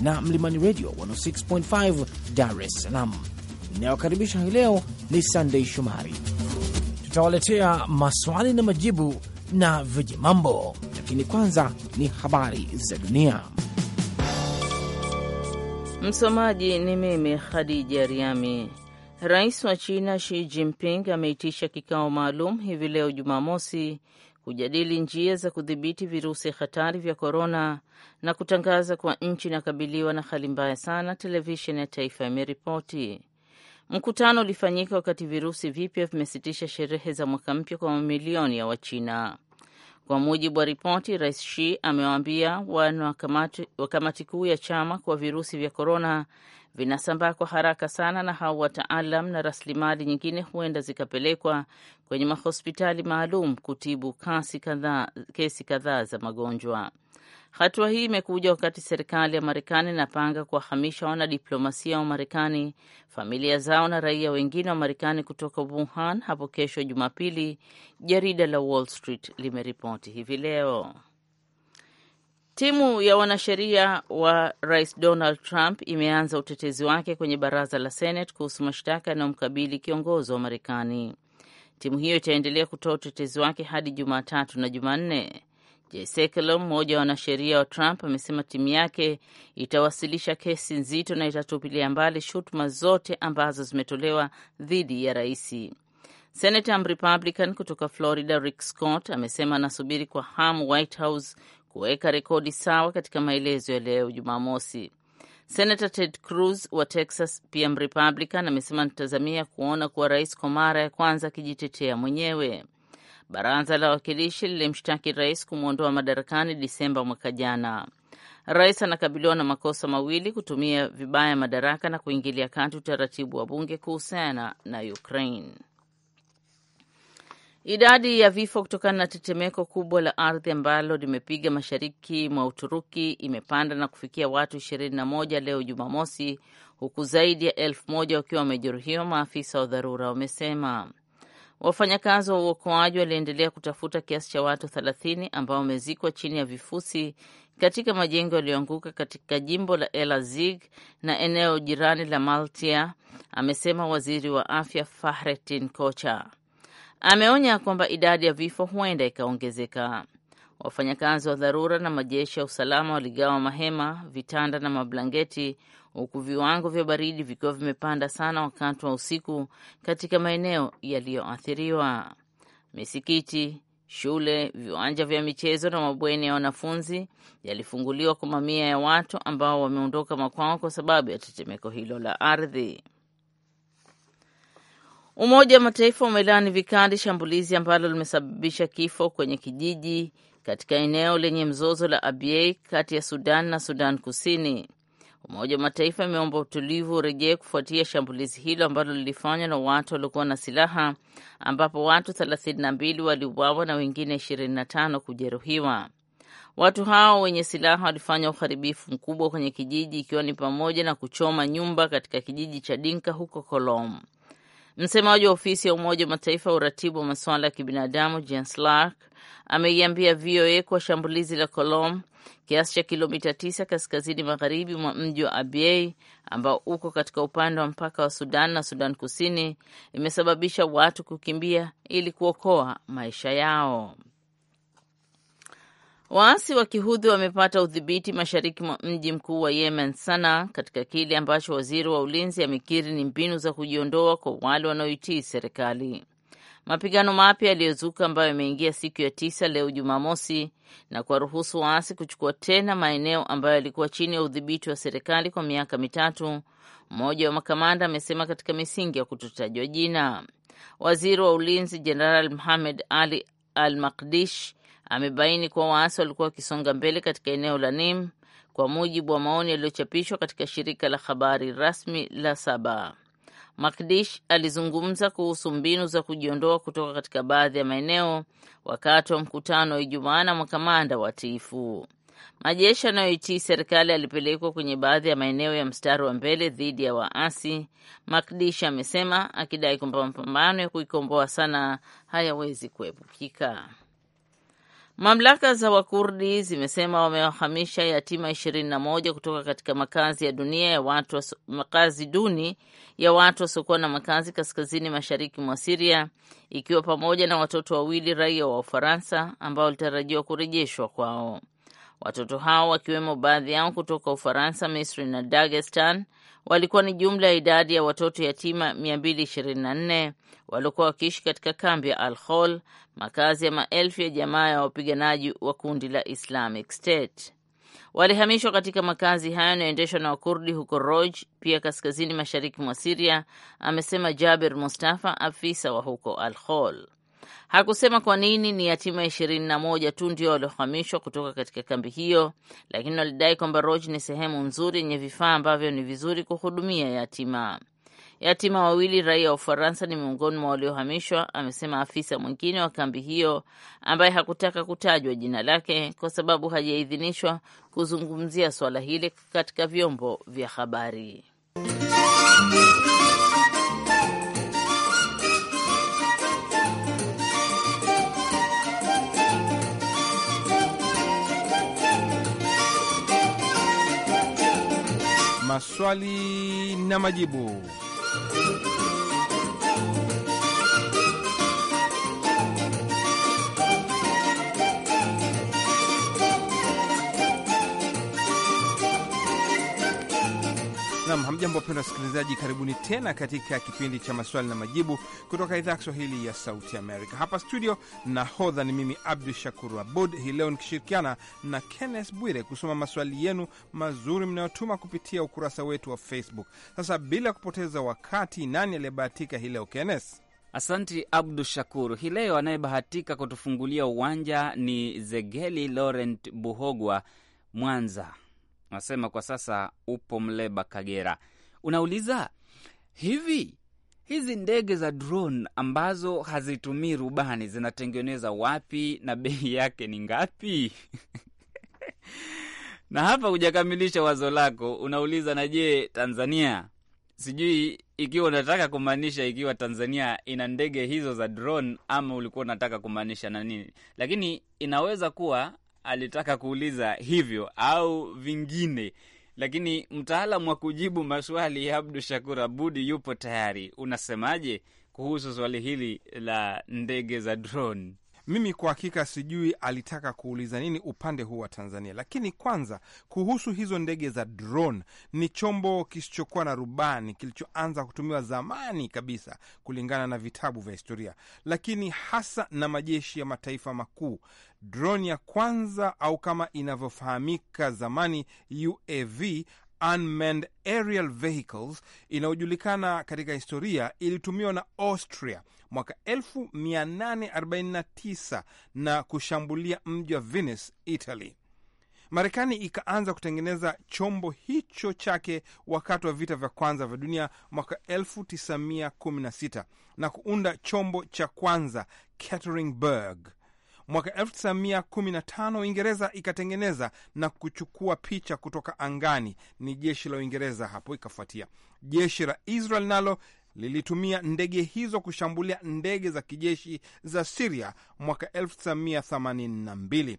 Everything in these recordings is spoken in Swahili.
na Mlimani Radio 106.5 Dar es Salaam. Inayokaribisha hii leo ni Sandei Shomari. Tutawaletea maswali na majibu na viji mambo, lakini kwanza ni habari za dunia. Msomaji ni mimi Khadija Riami. Rais wa China Xi Jinping ameitisha kikao maalum hivi leo Jumamosi kujadili njia za kudhibiti virusi hatari vya korona na kutangaza kwa nchi inakabiliwa na hali mbaya sana, televisheni ya taifa imeripoti. Mkutano ulifanyika wakati virusi vipya vimesitisha sherehe za mwaka mpya kwa mamilioni ya Wachina. Kwa mujibu wa ripoti, Rais Xi amewaambia wana wa kamati kuu ya chama kuwa virusi vya korona vinasambaa kwa haraka sana, na hao wataalam na rasilimali nyingine huenda zikapelekwa kwenye mahospitali maalum kutibu kasi kadhaa, kesi kadhaa za magonjwa. Hatua hii imekuja wakati serikali ya Marekani inapanga kuwahamisha wanadiplomasia wa Marekani, familia zao na raia wengine wa Marekani kutoka Wuhan hapo kesho Jumapili, jarida la Wall Street limeripoti hivi leo. Timu ya wanasheria wa rais Donald Trump imeanza utetezi wake kwenye baraza la Senate kuhusu mashtaka yanayomkabili kiongozi wa Marekani. Timu hiyo itaendelea kutoa utetezi wake hadi Jumatatu na Jumanne. Jesekelo, mmoja wa wanasheria wa Trump, amesema timu yake itawasilisha kesi nzito na itatupilia mbali shutuma zote ambazo zimetolewa dhidi ya raisi. Senata Mrepublican kutoka Florida Rick Scott amesema anasubiri kwa hamu White House kuweka rekodi sawa katika maelezo ya leo Jumamosi. Senator Ted Cruz wa Texas, pia Mrepublican, amesema anatazamia kuona kuwa rais kwa mara ya kwanza akijitetea mwenyewe. Baraza la Wawakilishi lilimshtaki rais kumwondoa madarakani Disemba mwaka jana. Rais anakabiliwa na makosa mawili: kutumia vibaya madaraka na kuingilia kati utaratibu wa bunge kuhusiana na Ukraine. Idadi ya vifo kutokana na tetemeko kubwa la ardhi ambalo limepiga mashariki mwa Uturuki imepanda na kufikia watu 21 leo Jumamosi, huku zaidi ya elfu moja wakiwa wamejeruhiwa, maafisa wa dharura wamesema. Wafanyakazi wa uokoaji waliendelea kutafuta kiasi cha watu 30 ambao wamezikwa chini ya vifusi katika majengo yaliyoanguka katika jimbo la Elazig na eneo jirani la Maltia, amesema waziri wa afya Fahrettin Koca. Ameonya kwamba idadi ya vifo huenda ikaongezeka. Wafanyakazi wa dharura na majeshi ya usalama waligawa mahema, vitanda na mablangeti huku viwango vya baridi vikiwa vimepanda sana wakati wa usiku katika maeneo yaliyoathiriwa. Misikiti, shule, viwanja vya michezo na mabweni ya wanafunzi yalifunguliwa kwa mamia ya watu ambao wameondoka makwao kwa sababu ya tetemeko hilo la ardhi. Umoja wa Mataifa umelaani vikali shambulizi ambalo limesababisha kifo kwenye kijiji katika eneo lenye mzozo la Abyei kati ya Sudan na Sudan Kusini. Umoja wa Mataifa imeomba utulivu urejee kufuatia shambulizi hilo ambalo lilifanywa na watu waliokuwa na silaha ambapo watu 32 waliuawa na wengine 25 kujeruhiwa. Watu hao wenye silaha walifanya uharibifu mkubwa kwenye kijiji ikiwa ni pamoja na kuchoma nyumba katika kijiji cha Dinka huko Kolom. Msemaji wa ofisi ya Umoja wa Mataifa uratibu wa masuala ya kibinadamu Jens Lark ameiambia VOA kuwa shambulizi la Colom kiasi cha kilomita tisa kaskazini magharibi mwa mji wa Abyei ambao uko katika upande wa mpaka wa Sudan na Sudan Kusini imesababisha watu kukimbia ili kuokoa maisha yao. Waasi wa kihudhi wamepata udhibiti mashariki mwa mji mkuu wa Yemen, sana katika kile ambacho waziri wa ulinzi amekiri ni mbinu za kujiondoa kwa wale wanaoitii serikali. Mapigano mapya yaliyozuka ambayo yameingia siku ya tisa leo Jumamosi na kuwaruhusu waasi kuchukua tena maeneo ambayo yalikuwa chini ya udhibiti wa serikali kwa miaka mitatu, mmoja wa makamanda amesema katika misingi ya kutotajwa jina. Waziri wa ulinzi Jeneral muhamed Ali Al Makdish amebaini kuwa waasi walikuwa wakisonga mbele katika eneo la Nim kwa mujibu wa maoni yaliyochapishwa katika shirika la habari rasmi la Saba. Makdish alizungumza kuhusu mbinu za kujiondoa kutoka katika baadhi ya maeneo wakati wa mkutano wa Ijumaa na makamanda watiifu. Majeshi yanayoitii serikali yalipelekwa kwenye baadhi ya maeneo ya mstari wa mbele dhidi ya waasi, Makdish amesema, akidai kwamba mapambano ya kuikomboa sana hayawezi kuepukika. Mamlaka za Wakurdi zimesema wamewahamisha yatima ishirini na moja kutoka katika makazi ya dunia ya watu makazi duni ya watu wasiokuwa na makazi kaskazini mashariki mwa Siria, ikiwa pamoja na watoto wawili raia wa Ufaransa ambao walitarajiwa kurejeshwa kwao. Watoto hao wakiwemo baadhi yao kutoka Ufaransa, Misri na Dagestan walikuwa ni jumla ya idadi ya watoto yatima 224 waliokuwa wakiishi katika kambi ya Al Hol, makazi ya maelfu ya jamaa ya wapiganaji wa kundi la Islamic State. Walihamishwa katika makazi hayo yanayoendeshwa na Wakurdi huko Roj, pia kaskazini mashariki mwa Siria, amesema Jaber Mustafa, afisa wa huko Al Hol. Hakusema kwa nini ni yatima ishirini na moja tu ndio waliohamishwa kutoka katika kambi hiyo, lakini walidai kwamba Roj ni sehemu nzuri yenye vifaa ambavyo ni vizuri kuhudumia yatima. Yatima wawili raia wa Ufaransa ni miongoni mwa waliohamishwa, amesema afisa mwingine wa kambi hiyo ambaye hakutaka kutajwa jina lake kwa sababu hajaidhinishwa kuzungumzia swala hili katika vyombo vya habari. maswali na majibu. Nam, hamjambo wapenda wasikilizaji, karibuni tena katika kipindi cha maswali na majibu kutoka idhaa ya Kiswahili ya Sauti Amerika. Hapa studio nahodha ni mimi Abdu Shakur Abud, hii leo nikishirikiana na Kenneth Bwire kusoma maswali yenu mazuri mnayotuma kupitia ukurasa wetu wa Facebook. Sasa bila kupoteza wakati, nani aliyebahatika hii leo, Kenneth? Asanti Abdu Shakur. Hii leo anayebahatika kutufungulia uwanja ni Zegeli Laurent Buhogwa, Mwanza. Nasema kwa sasa upo Mleba, Kagera. Unauliza hivi, hizi ndege za drone ambazo hazitumii rubani zinatengeneza wapi na bei yake ni ngapi? na hapa hujakamilisha wazo lako, unauliza na je, Tanzania sijui ikiwa unataka kumaanisha ikiwa Tanzania ina ndege hizo za drone, ama ulikuwa unataka kumaanisha na nini? Lakini inaweza kuwa alitaka kuuliza hivyo au vingine, lakini mtaalamu wa kujibu maswali Abdu Shakur Abudi yupo tayari. Unasemaje kuhusu swali hili la ndege za drone? Mimi kwa hakika sijui alitaka kuuliza nini upande huu wa Tanzania, lakini kwanza kuhusu hizo ndege za drone, ni chombo kisichokuwa na rubani kilichoanza kutumiwa zamani kabisa kulingana na vitabu vya historia, lakini hasa na majeshi ya mataifa makuu. Drone ya kwanza au kama inavyofahamika zamani UAV unmanned aerial vehicles inayojulikana katika historia ilitumiwa na Austria mwaka 1849 na kushambulia mji wa Venice, Italy. Marekani ikaanza kutengeneza chombo hicho chake wakati wa vita vya kwanza vya dunia mwaka 1916 na kuunda chombo cha kwanza Caterinburg Mwaka 1915 Uingereza ikatengeneza na kuchukua picha kutoka angani, ni jeshi la Uingereza. Hapo ikafuatia jeshi la Israel nalo lilitumia ndege hizo kushambulia ndege za kijeshi za Siria mwaka 1982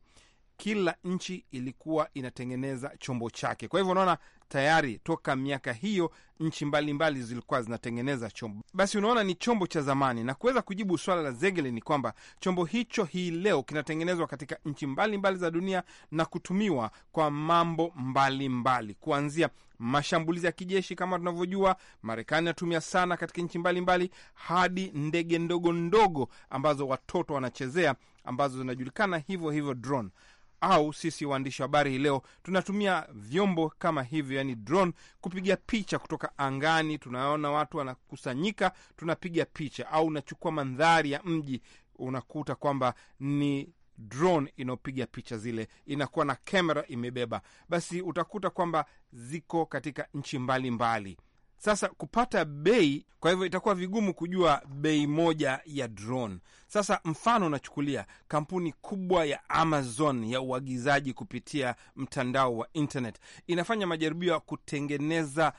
kila nchi ilikuwa inatengeneza chombo chake. Kwa hivyo unaona tayari toka miaka hiyo nchi mbalimbali mbali zilikuwa zinatengeneza chombo. Basi unaona ni chombo cha zamani, na kuweza kujibu swala la Zegele ni kwamba chombo hicho hii leo kinatengenezwa katika nchi mbalimbali za dunia na kutumiwa kwa mambo mbalimbali mbali. Kuanzia mashambulizi ya kijeshi kama tunavyojua Marekani inatumia sana katika nchi mbalimbali, hadi ndege ndogo ndogo ambazo watoto wanachezea ambazo zinajulikana hivyo hivyo drone au sisi waandishi wa habari hii leo tunatumia vyombo kama hivyo, yani drone, kupiga picha kutoka angani. Tunaona watu wanakusanyika, tunapiga picha au unachukua mandhari ya mji, unakuta kwamba ni drone inayopiga picha zile, inakuwa na kamera imebeba. Basi utakuta kwamba ziko katika nchi mbalimbali mbali. Sasa kupata bei, kwa hivyo itakuwa vigumu kujua bei moja ya drone. Sasa mfano unachukulia kampuni kubwa ya Amazon ya uagizaji kupitia mtandao wa internet inafanya majaribio ya kutengeneza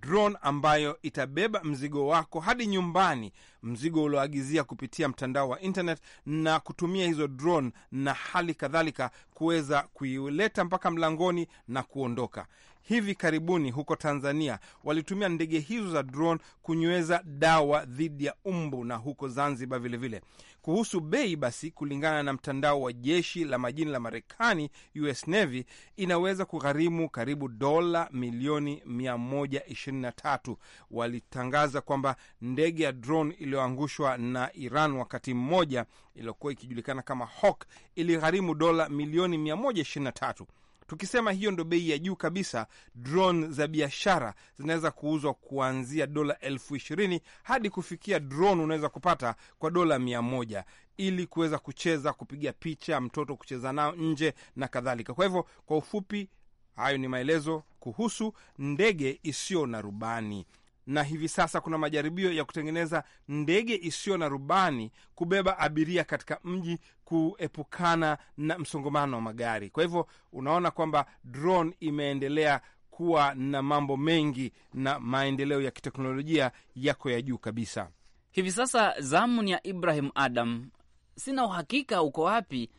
drone ambayo itabeba mzigo wako hadi nyumbani, mzigo ulioagizia kupitia mtandao wa internet, na kutumia hizo drone na hali kadhalika kuweza kuileta mpaka mlangoni na kuondoka hivi karibuni huko Tanzania walitumia ndege hizo za drone kunyweza dawa dhidi ya umbu na huko Zanzibar vilevile Kuhusu bei basi, kulingana na mtandao wa jeshi la majini la Marekani US Navy, inaweza kugharimu karibu dola milioni 123. Walitangaza kwamba ndege ya drone iliyoangushwa na Iran wakati mmoja iliyokuwa ikijulikana kama Hawk iligharimu dola milioni 123. Tukisema hiyo ndo bei ya juu kabisa, drone za biashara zinaweza kuuzwa kuanzia dola elfu ishirini hadi kufikia drone unaweza kupata kwa dola mia moja ili kuweza kucheza, kupiga picha, mtoto kucheza nao nje na kadhalika. Kwa hivyo, kwa ufupi, hayo ni maelezo kuhusu ndege isiyo na rubani na hivi sasa kuna majaribio ya kutengeneza ndege isiyo na rubani kubeba abiria katika mji kuepukana na msongamano wa magari. Kwa hivyo unaona kwamba drone imeendelea kuwa na mambo mengi na maendeleo ya kiteknolojia yako ya juu kabisa. Hivi sasa zamu ni ya Ibrahim Adam, sina uhakika uko wapi,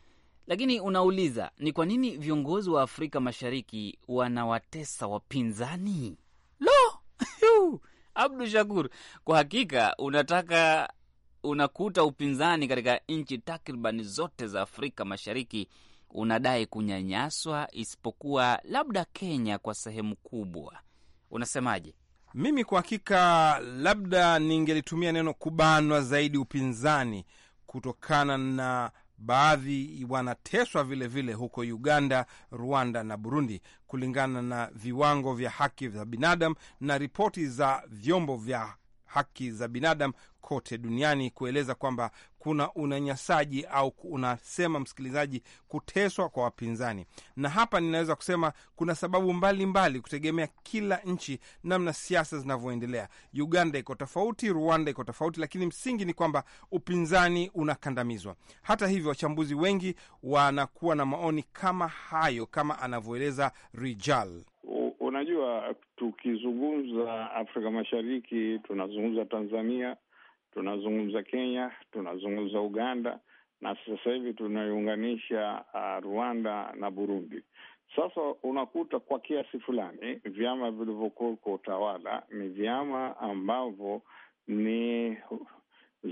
lakini unauliza ni kwa nini viongozi wa Afrika Mashariki wanawatesa wapinzani? Loo, Abdu Shakur, kwa hakika unataka unakuta upinzani katika nchi takribani zote za Afrika Mashariki unadai kunyanyaswa isipokuwa labda Kenya kwa sehemu kubwa. Unasemaje? Mimi kwa hakika, labda ningelitumia neno kubanwa zaidi upinzani, kutokana na Baadhi wanateswa vilevile vile huko Uganda, Rwanda na Burundi, kulingana na viwango vya haki za binadamu na ripoti za vyombo vya haki za binadamu kote duniani kueleza kwamba kuna unyanyasaji au unasema msikilizaji, kuteswa kwa wapinzani. Na hapa ninaweza kusema kuna sababu mbalimbali mbali, kutegemea kila nchi namna siasa zinavyoendelea. Uganda iko tofauti, Rwanda iko tofauti, lakini msingi ni kwamba upinzani unakandamizwa. Hata hivyo, wachambuzi wengi wanakuwa na maoni kama hayo, kama anavyoeleza Rijal. Unajua, tukizungumza Afrika Mashariki tunazungumza Tanzania tunazungumza Kenya, tunazungumza Uganda na sasa hivi tunaiunganisha uh, Rwanda na Burundi. Sasa unakuta kwa kiasi fulani vyama vilivyokuwa kwa utawala ni vyama ambavyo ni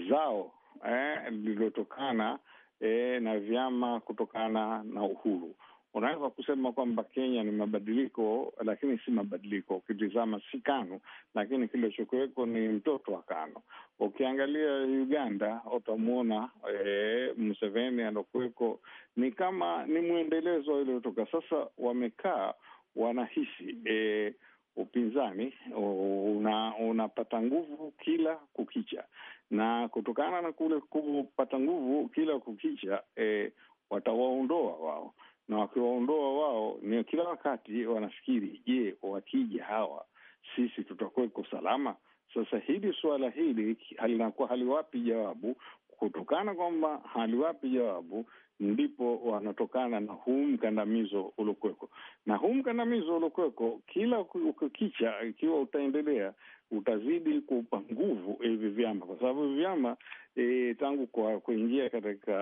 zao eh, lililotokana eh, eh, na vyama kutokana na uhuru unaweza kusema kwamba Kenya ni mabadiliko, lakini si mabadiliko. Ukitizama si KANU, lakini kilichokuweko ni mtoto wa KANU. Ukiangalia Uganda utamwona e, eh, Museveni alokuweko ni kama ni mwendelezo iliyotoka. Sasa wamekaa wanahisi e, upinzani una, unapata nguvu kila kukicha, na kutokana na kule kupata nguvu kila kukicha e, watawaondoa wao na wakiwaondoa wao, ni kila wakati wanafikiri, je, wakija hawa sisi tutakuweko salama? Sasa hili suala hili halinakuwa haliwapi jawabu. Kutokana kwamba haliwapi jawabu, ndipo wanatokana na huu mkandamizo uliokuweko, na huu mkandamizo uliokuweko, kila ukikicha, ikiwa utaendelea utazidi kuupa nguvu hivi vyama, kwa sababu hivi vyama e, tangu kwa kuingia katika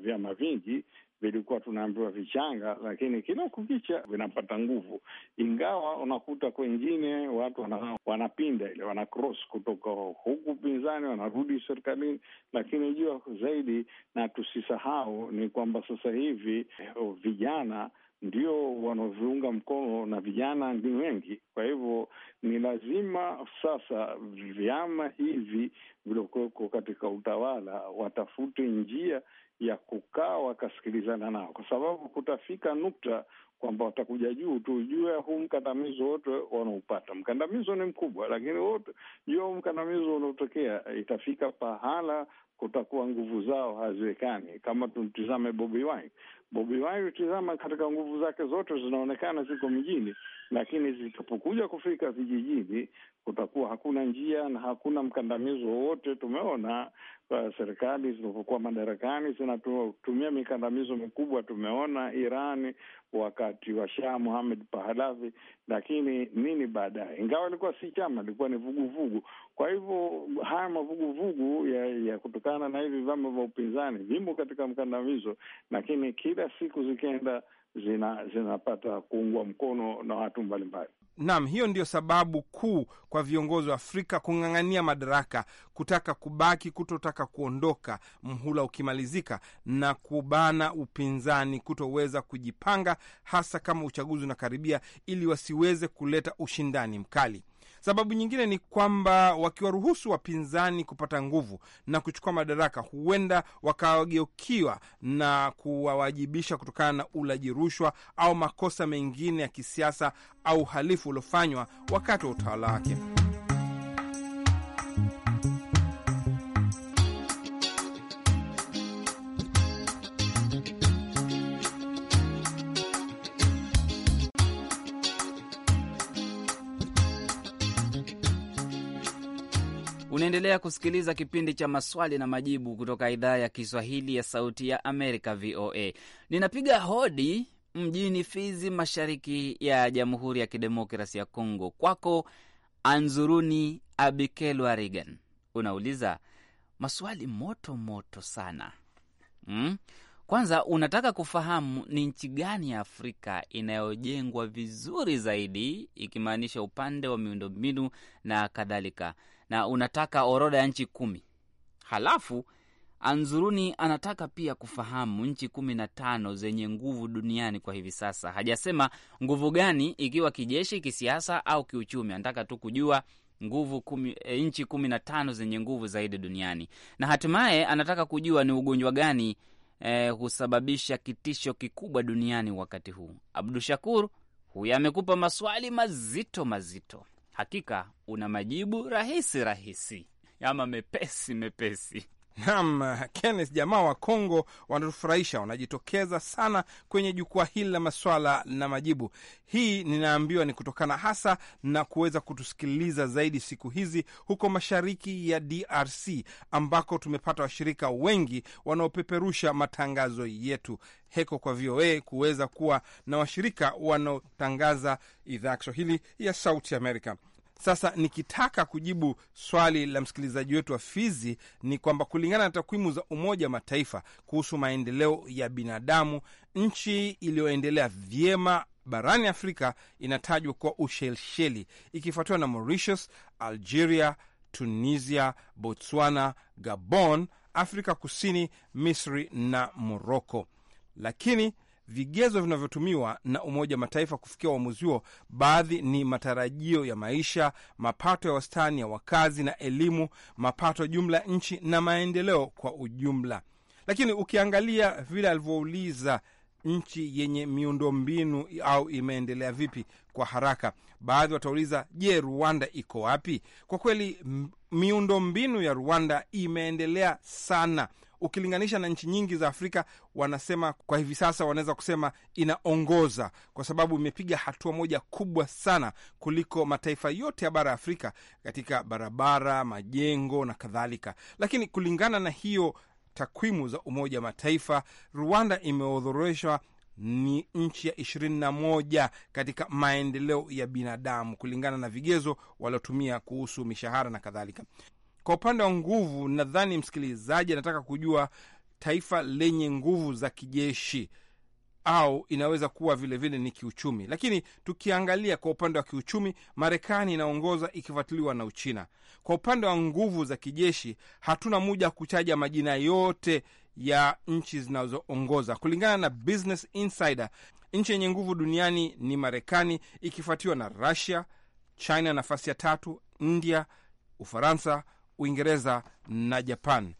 vyama vingi vilikuwa tunaambiwa vichanga, lakini kila kukicha vinapata nguvu, ingawa unakuta kwengine watu wana, wanapinda ile wana cross kutoka huku pinzani wanarudi serikalini. Lakini jua zaidi na tusisahau ni kwamba sasa hivi eh, vijana ndio wanaoviunga mkono na vijana ni wengi. Kwa hivyo ni lazima sasa vyama hivi viliokuweko katika utawala watafute njia ya kukaa wakasikilizana nao, kwa sababu kutafika nukta kwamba watakuja juu tu juu ya huu mkandamizo wote wanaupata. Mkandamizo ni mkubwa, lakini wote juu ya huu mkandamizo unaotokea, itafika pahala kutakuwa nguvu zao haziwekani. Kama tumtizame Bobi Wine, Bobi Wine utizama katika nguvu zake zote zinaonekana ziko mjini, lakini zitapokuja kufika vijijini kutakuwa hakuna njia na hakuna mkandamizo wowote. Tumeona serikali zilizokuwa madarakani zinatumia mikandamizo mikubwa. Tumeona Iran wakati wa Shah Muhamed Pahalavi, lakini nini baadaye, ingawa ilikuwa si chama, ilikuwa ni vuguvugu vugu. Kwa hivyo haya mavuguvugu ya, ya kutokana na hivi vyama vya upinzani vimo katika mkandamizo, lakini kila siku zikienda zina, zinapata kuungwa mkono na watu mbalimbali. Naam, hiyo ndio sababu kuu kwa viongozi wa Afrika kung'ang'ania madaraka, kutaka kubaki, kutotaka kuondoka mhula ukimalizika, na kubana upinzani kutoweza kujipanga, hasa kama uchaguzi unakaribia, ili wasiweze kuleta ushindani mkali. Sababu nyingine ni kwamba wakiwaruhusu wapinzani kupata nguvu na kuchukua madaraka, huenda wakawageukiwa na kuwawajibisha kutokana na ulaji rushwa au makosa mengine ya kisiasa au uhalifu uliofanywa wakati wa utawala wake. Unaendelea kusikiliza kipindi cha maswali na majibu kutoka idhaa ya Kiswahili ya Sauti ya Amerika, VOA. Ninapiga hodi mjini Fizi, mashariki ya Jamhuri ya Kidemokrasi ya Kongo. Kwako Anzuruni Abikelwa Regan, unauliza maswali moto moto sana mm? Kwanza unataka kufahamu ni nchi gani ya Afrika inayojengwa vizuri zaidi, ikimaanisha upande wa miundombinu na kadhalika na unataka orodha ya nchi kumi. Halafu Anzuruni anataka pia kufahamu nchi kumi na tano zenye nguvu duniani kwa hivi sasa. Hajasema nguvu gani, ikiwa kijeshi, kisiasa au kiuchumi. Anataka tu kujua nguvu kumi, e, nchi kumi na tano zenye nguvu zaidi duniani, na hatimaye anataka kujua ni ugonjwa gani e, husababisha kitisho kikubwa duniani wakati huu. Abdu Shakur huyu amekupa maswali mazito mazito. Hakika una majibu rahisi rahisi ama mepesi mepesi. Naam, Kenneth, jamaa wa Kongo wanatufurahisha, wanajitokeza sana kwenye jukwaa hili la maswala na majibu. Hii ninaambiwa ni kutokana hasa na kuweza kutusikiliza zaidi siku hizi huko mashariki ya DRC ambako tumepata washirika wengi wanaopeperusha matangazo yetu. Heko kwa VOA kuweza kuwa na washirika wanaotangaza idhaa ya Kiswahili ya Sauti Amerika. Sasa nikitaka kujibu swali la msikilizaji wetu wa Fizi ni kwamba kulingana na takwimu za Umoja wa Mataifa kuhusu maendeleo ya binadamu, nchi iliyoendelea vyema barani Afrika inatajwa kuwa Ushelsheli, ikifuatiwa na Mauritius, Algeria, Tunisia, Botswana, Gabon, Afrika Kusini, Misri na Moroko. Lakini vigezo vinavyotumiwa na Umoja wa Mataifa kufikia uamuzi huo, baadhi ni matarajio ya maisha, mapato ya wastani ya wakazi na elimu, mapato jumla ya nchi na maendeleo kwa ujumla. Lakini ukiangalia vile alivyouliza nchi yenye miundombinu au imeendelea vipi kwa haraka. Baadhi watauliza je, Rwanda iko wapi? Kwa kweli miundombinu ya Rwanda imeendelea sana ukilinganisha na nchi nyingi za Afrika, wanasema kwa hivi sasa wanaweza kusema inaongoza kwa sababu imepiga hatua moja kubwa sana kuliko mataifa yote ya bara ya Afrika katika barabara, majengo na kadhalika. Lakini kulingana na hiyo takwimu za Umoja wa Mataifa, Rwanda imeodhoreshwa ni nchi ya ishirini na moja katika maendeleo ya binadamu kulingana na vigezo waliotumia kuhusu mishahara na kadhalika. Kwa upande wa nguvu, nadhani msikilizaji anataka kujua taifa lenye nguvu za kijeshi au inaweza kuwa vilevile vile ni kiuchumi, lakini tukiangalia kwa upande wa kiuchumi, Marekani inaongoza ikifuatiliwa na Uchina. Kwa upande wa nguvu za kijeshi, hatuna muja kuchaja majina yote ya nchi zinazoongoza. Kulingana na Business Insider, nchi yenye nguvu duniani ni Marekani ikifuatiwa na Russia, China nafasi ya tatu, India, Ufaransa, Uingereza na Japan.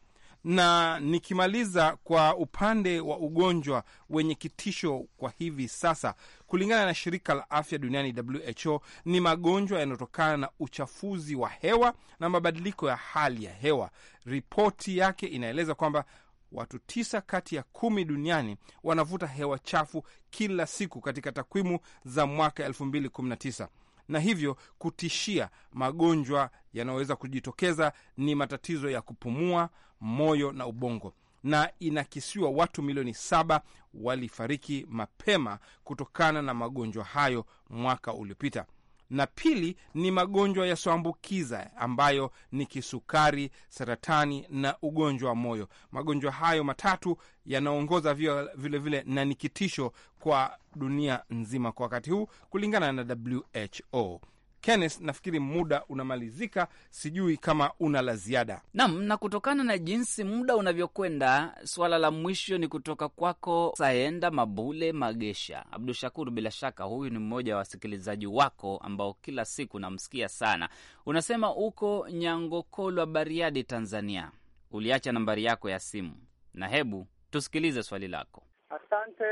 Na nikimaliza kwa upande wa ugonjwa wenye kitisho kwa hivi sasa, kulingana na shirika la afya duniani WHO, ni magonjwa yanayotokana na uchafuzi wa hewa na mabadiliko ya hali ya hewa. Ripoti yake inaeleza kwamba watu tisa kati ya kumi duniani wanavuta hewa chafu kila siku katika takwimu za mwaka 2019 na hivyo kutishia magonjwa yanayoweza kujitokeza ni matatizo ya kupumua, moyo na ubongo na inakisiwa watu milioni saba walifariki mapema kutokana na magonjwa hayo mwaka uliopita na pili ni magonjwa yasiyoambukiza ambayo ni kisukari, saratani na ugonjwa wa moyo. Magonjwa hayo matatu yanaongoza vilevile vile, na ni kitisho kwa dunia nzima kwa wakati huu kulingana na WHO. Kenneth, nafikiri muda unamalizika, sijui kama una la ziada. Naam, na kutokana na jinsi muda unavyokwenda, swala la mwisho ni kutoka kwako Saenda Mabule Magesha Abdu shakur Bila shaka huyu ni mmoja wa wasikilizaji wako ambao kila siku namsikia sana. Unasema uko Nyangokolwa, Bariadi, Tanzania. Uliacha nambari yako ya simu, na hebu tusikilize swali lako. Asante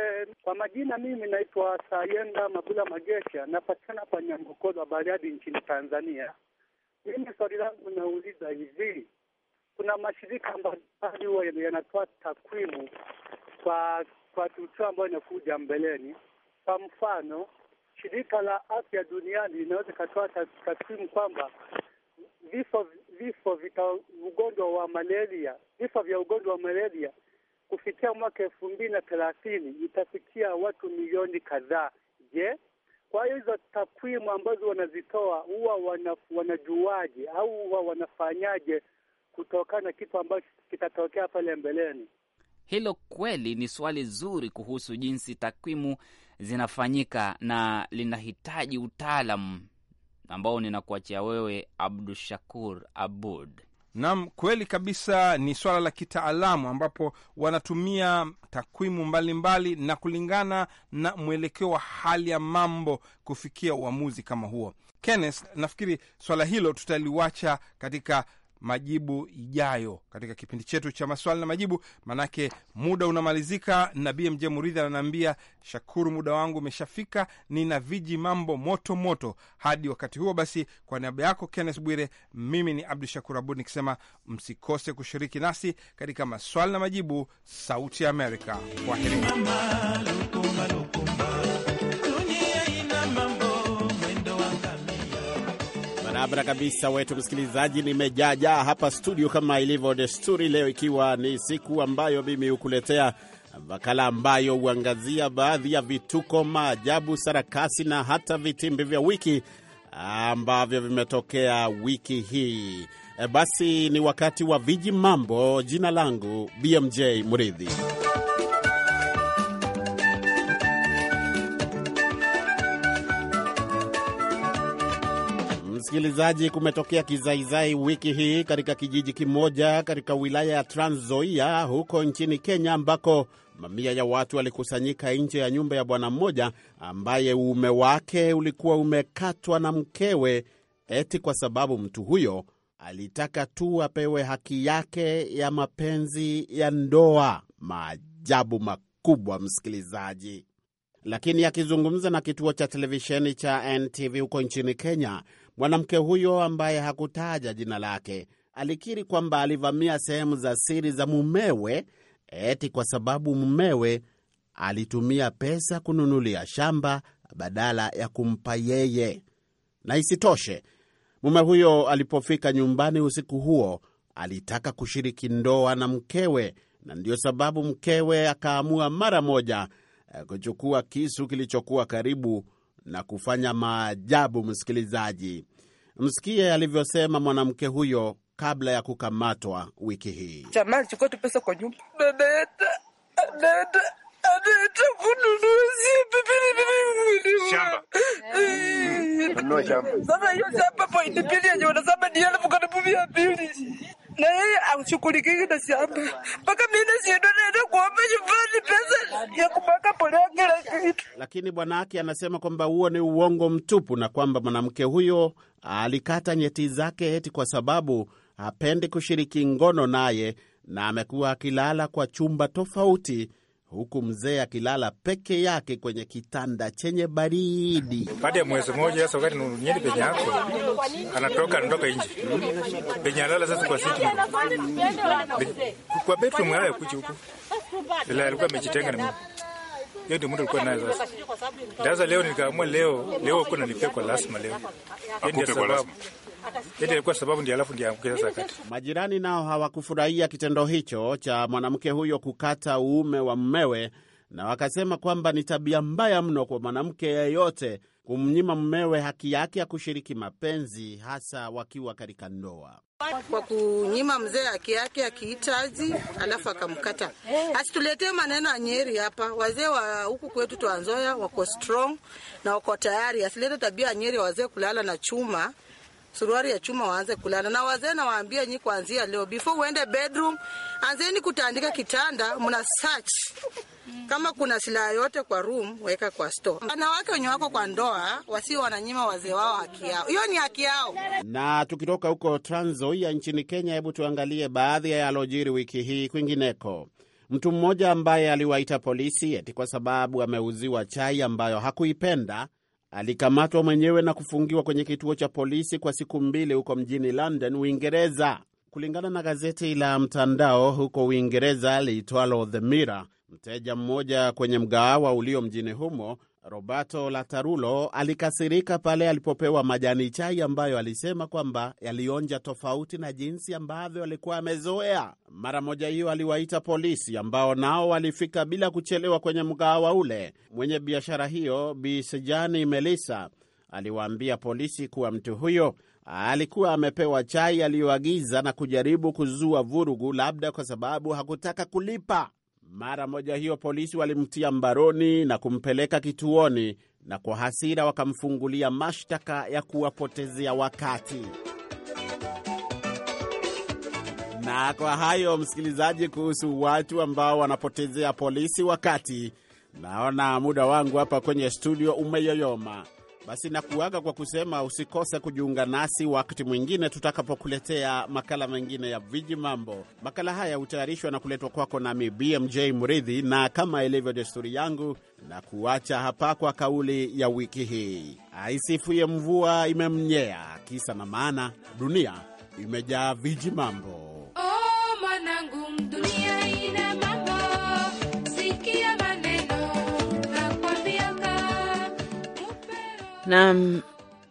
kwa majina, mimi naitwa Sayenda Mabula Magesha, napatikana kwa wa Bariadi nchini Tanzania. Mimi swali langu nauliza hivi, kuna mashirika mbalimbali huwa yanatoa takwimu kwa kwa tukio ambayo inakuja mbeleni. Kwa mfano, shirika la afya duniani linaweza ikatoa takwimu kwamba vifo vifo vita ugonjwa wa malaria vifo vya ugonjwa wa malaria kufikia mwaka elfu mbili na thelathini itafikia watu milioni kadhaa. Je, kwa hiyo hizo takwimu ambazo wanazitoa huwa wana, wanajuaje au huwa wanafanyaje kutokana na kitu ambacho kitatokea pale mbeleni? Hilo kweli ni swali zuri kuhusu jinsi takwimu zinafanyika na linahitaji utaalam ambao ninakuachia wewe Abdushakur Abud. Naam, kweli kabisa, ni swala la kitaalamu ambapo wanatumia takwimu mbalimbali na kulingana na mwelekeo wa hali ya mambo kufikia uamuzi kama huo. Kenneth, nafikiri swala hilo tutaliwacha katika majibu ijayo katika kipindi chetu cha maswali na majibu, manake muda unamalizika na BMJ Muridhi ananiambia, Shakuru, muda wangu umeshafika, nina viji mambo moto moto. Hadi wakati huo basi, kwa niaba yako Kenneth Bwire, mimi ni Abdu Shakur Abud nikisema msikose kushiriki nasi katika maswali na majibu, Sauti ya Amerika. Kwaherini. Barabara kabisa wetu msikilizaji, nimejaajaa hapa studio kama ilivyo desturi, leo ikiwa ni siku ambayo mimi hukuletea makala ambayo huangazia baadhi ya vituko, maajabu, sarakasi na hata vitimbi vya wiki ambavyo vimetokea wiki hii. E, basi ni wakati wa viji mambo. Jina langu BMJ Muridhi. msikilizaji, kumetokea kizaizai wiki hii katika kijiji kimoja katika wilaya ya Trans Nzoia huko nchini Kenya, ambako mamia ya watu walikusanyika nje ya nyumba ya bwana mmoja ambaye uume wake ulikuwa umekatwa na mkewe, eti kwa sababu mtu huyo alitaka tu apewe haki yake ya mapenzi ya ndoa. Maajabu makubwa, msikilizaji. Lakini akizungumza na kituo cha televisheni cha NTV huko nchini Kenya, Mwanamke huyo ambaye hakutaja jina lake alikiri kwamba alivamia sehemu za siri za mumewe eti kwa sababu mumewe alitumia pesa kununulia shamba badala ya kumpa yeye. Na isitoshe, mume huyo alipofika nyumbani usiku huo alitaka kushiriki ndoa na mkewe, na ndiyo sababu mkewe akaamua mara moja eh, kuchukua kisu kilichokuwa karibu na kufanya maajabu. Msikilizaji, msikie alivyosema mwanamke huyo kabla ya kukamatwa wiki hii. Jamani, chukua tu pesa kwa nyumba, anaenda anaenda anaenda kununua shamba sasa hiyo shamba pointi mbili yenye wanasema ni elfu karibu mia mbili na yeye aushughulikiki na shamba mpaka mi naenda kuomba nyumbani Yaani. ya kubakapolea kila kitu. Lakini bwanake anasema kwamba huo ni uongo mtupu na kwamba mwanamke huyo alikata nyeti zake eti kwa sababu hapendi kushiriki ngono naye na amekuwa akilala kwa chumba tofauti huku mzee akilala peke yake kwenye kitanda chenye baridi. Baada ya mwezi mmoja sasa, wakati nununyeni penye yako anatoka anatoka nje penye alala sasa, kwa siti kwa betu mwaya kuchi huko ila alikuwa amejitenga na mimi. Hiyo ndio muda alikuwa naye sasa. Sasa leo nikaamua, leo leo kuna nanipea kwa lazima, leo ndio sababu kwa sababu ndio, alafu ndio sasa. Majirani nao hawakufurahia kitendo hicho cha mwanamke huyo kukata uume wa mmewe, na wakasema kwamba ni tabia mbaya mno kwa mwanamke yeyote kumnyima mmewe haki yake ya kushiriki mapenzi, hasa wakiwa katika ndoa. Kwa kunyima mzee haki yake akihitaji, alafu akamkata. Asituletee maneno ya Nyeri hapa. Wazee wa huku kwetu Twanzoya wako strong na wako tayari. Asilete tabia ya Nyeri wazee kulala na chuma suruari ya chuma waanze kulala. Na wazee nawaambia nyi, kuanzia leo before uende bedroom, anzeni kutandika kitanda, mna search kama kuna silaha yote kwa room, weka kwa store. Wanawake wenye wako kwa ndoa wasio wananyima wazee wao haki yao, hiyo ni haki yao. Na tukitoka huko Trans Nzoia nchini Kenya, hebu tuangalie baadhi ya yalojiri wiki hii kwingineko. Mtu mmoja ambaye aliwaita polisi eti kwa sababu ameuziwa chai ambayo hakuipenda alikamatwa mwenyewe na kufungiwa kwenye kituo cha polisi kwa siku mbili huko mjini London, Uingereza, kulingana na gazeti la mtandao huko Uingereza liitwalo The Mirror. Mteja mmoja kwenye mgahawa ulio mjini humo, Roberto Latarulo, alikasirika pale alipopewa majani chai ambayo alisema kwamba yalionja tofauti na jinsi ambavyo alikuwa amezoea. Mara moja hiyo aliwaita polisi ambao nao walifika bila kuchelewa kwenye mgahawa ule. Mwenye biashara hiyo Bi Sejani Melissa aliwaambia polisi kuwa mtu huyo alikuwa amepewa chai aliyoagiza na kujaribu kuzua vurugu, labda kwa sababu hakutaka kulipa. Mara moja hiyo polisi walimtia mbaroni na kumpeleka kituoni, na kwa hasira wakamfungulia mashtaka ya kuwapotezea wakati. Na kwa hayo, msikilizaji, kuhusu watu ambao wanapotezea polisi wakati, naona muda wangu hapa kwenye studio umeyoyoma. Basi nakuaga kwa kusema usikose kujiunga nasi wakati mwingine tutakapokuletea makala mengine ya viji mambo. Makala haya hutayarishwa na kuletwa kwako nami BMJ Mridhi, na kama ilivyo desturi yangu, na kuacha hapa kwa kauli ya wiki hii, aisifuye mvua imemnyea. Kisa na maana, dunia imejaa viji mambo. Naam,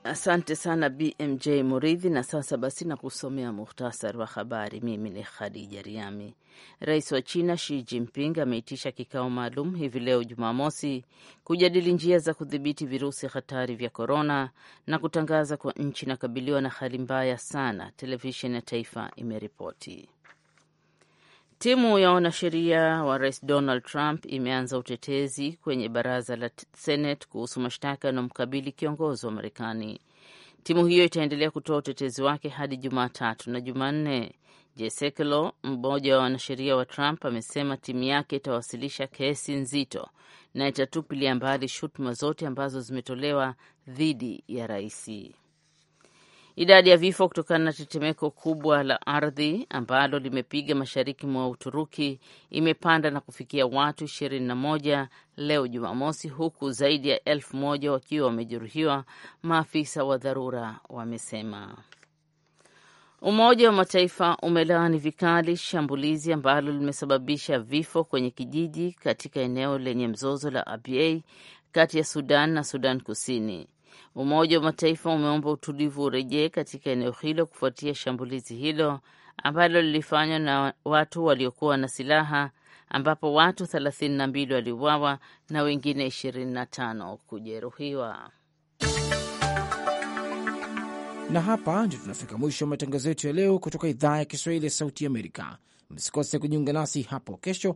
asante sana BMJ Muridhi. Na sasa basi, na kusomea muhtasari wa habari. Mimi ni Khadija Riami. Rais wa China Xi Jinping ameitisha kikao maalum hivi leo Jumamosi kujadili njia za kudhibiti virusi hatari vya korona na kutangaza kwa nchi inakabiliwa na hali mbaya sana, televisheni ya taifa imeripoti. Timu ya wanasheria wa rais Donald Trump imeanza utetezi kwenye baraza la Senate kuhusu mashtaka yanayomkabili kiongozi wa Marekani. Timu hiyo itaendelea kutoa utetezi wake hadi Jumatatu na Jumanne. Jesekelo, mmoja wa wanasheria wa Trump, amesema timu yake itawasilisha kesi nzito na itatupilia mbali shutuma zote ambazo zimetolewa dhidi ya raisi. Idadi ya vifo kutokana na tetemeko kubwa la ardhi ambalo limepiga mashariki mwa Uturuki imepanda na kufikia watu 21 leo Jumamosi, huku zaidi ya elfu moja wakiwa wamejeruhiwa, maafisa wa dharura wamesema. Umoja wa Mataifa umelaani vikali shambulizi ambalo limesababisha vifo kwenye kijiji katika eneo lenye mzozo la Abyei kati ya Sudan na Sudan Kusini. Umoja wa Mataifa umeomba utulivu urejee katika eneo hilo kufuatia shambulizi hilo ambalo lilifanywa na watu waliokuwa na silaha ambapo watu 32 waliuawa na wengine 25 kujeruhiwa. Na hapa ndio tunafika mwisho wa matangazo yetu ya leo kutoka idhaa ya Kiswahili ya Sauti Amerika. Msikose kujiunga nasi hapo kesho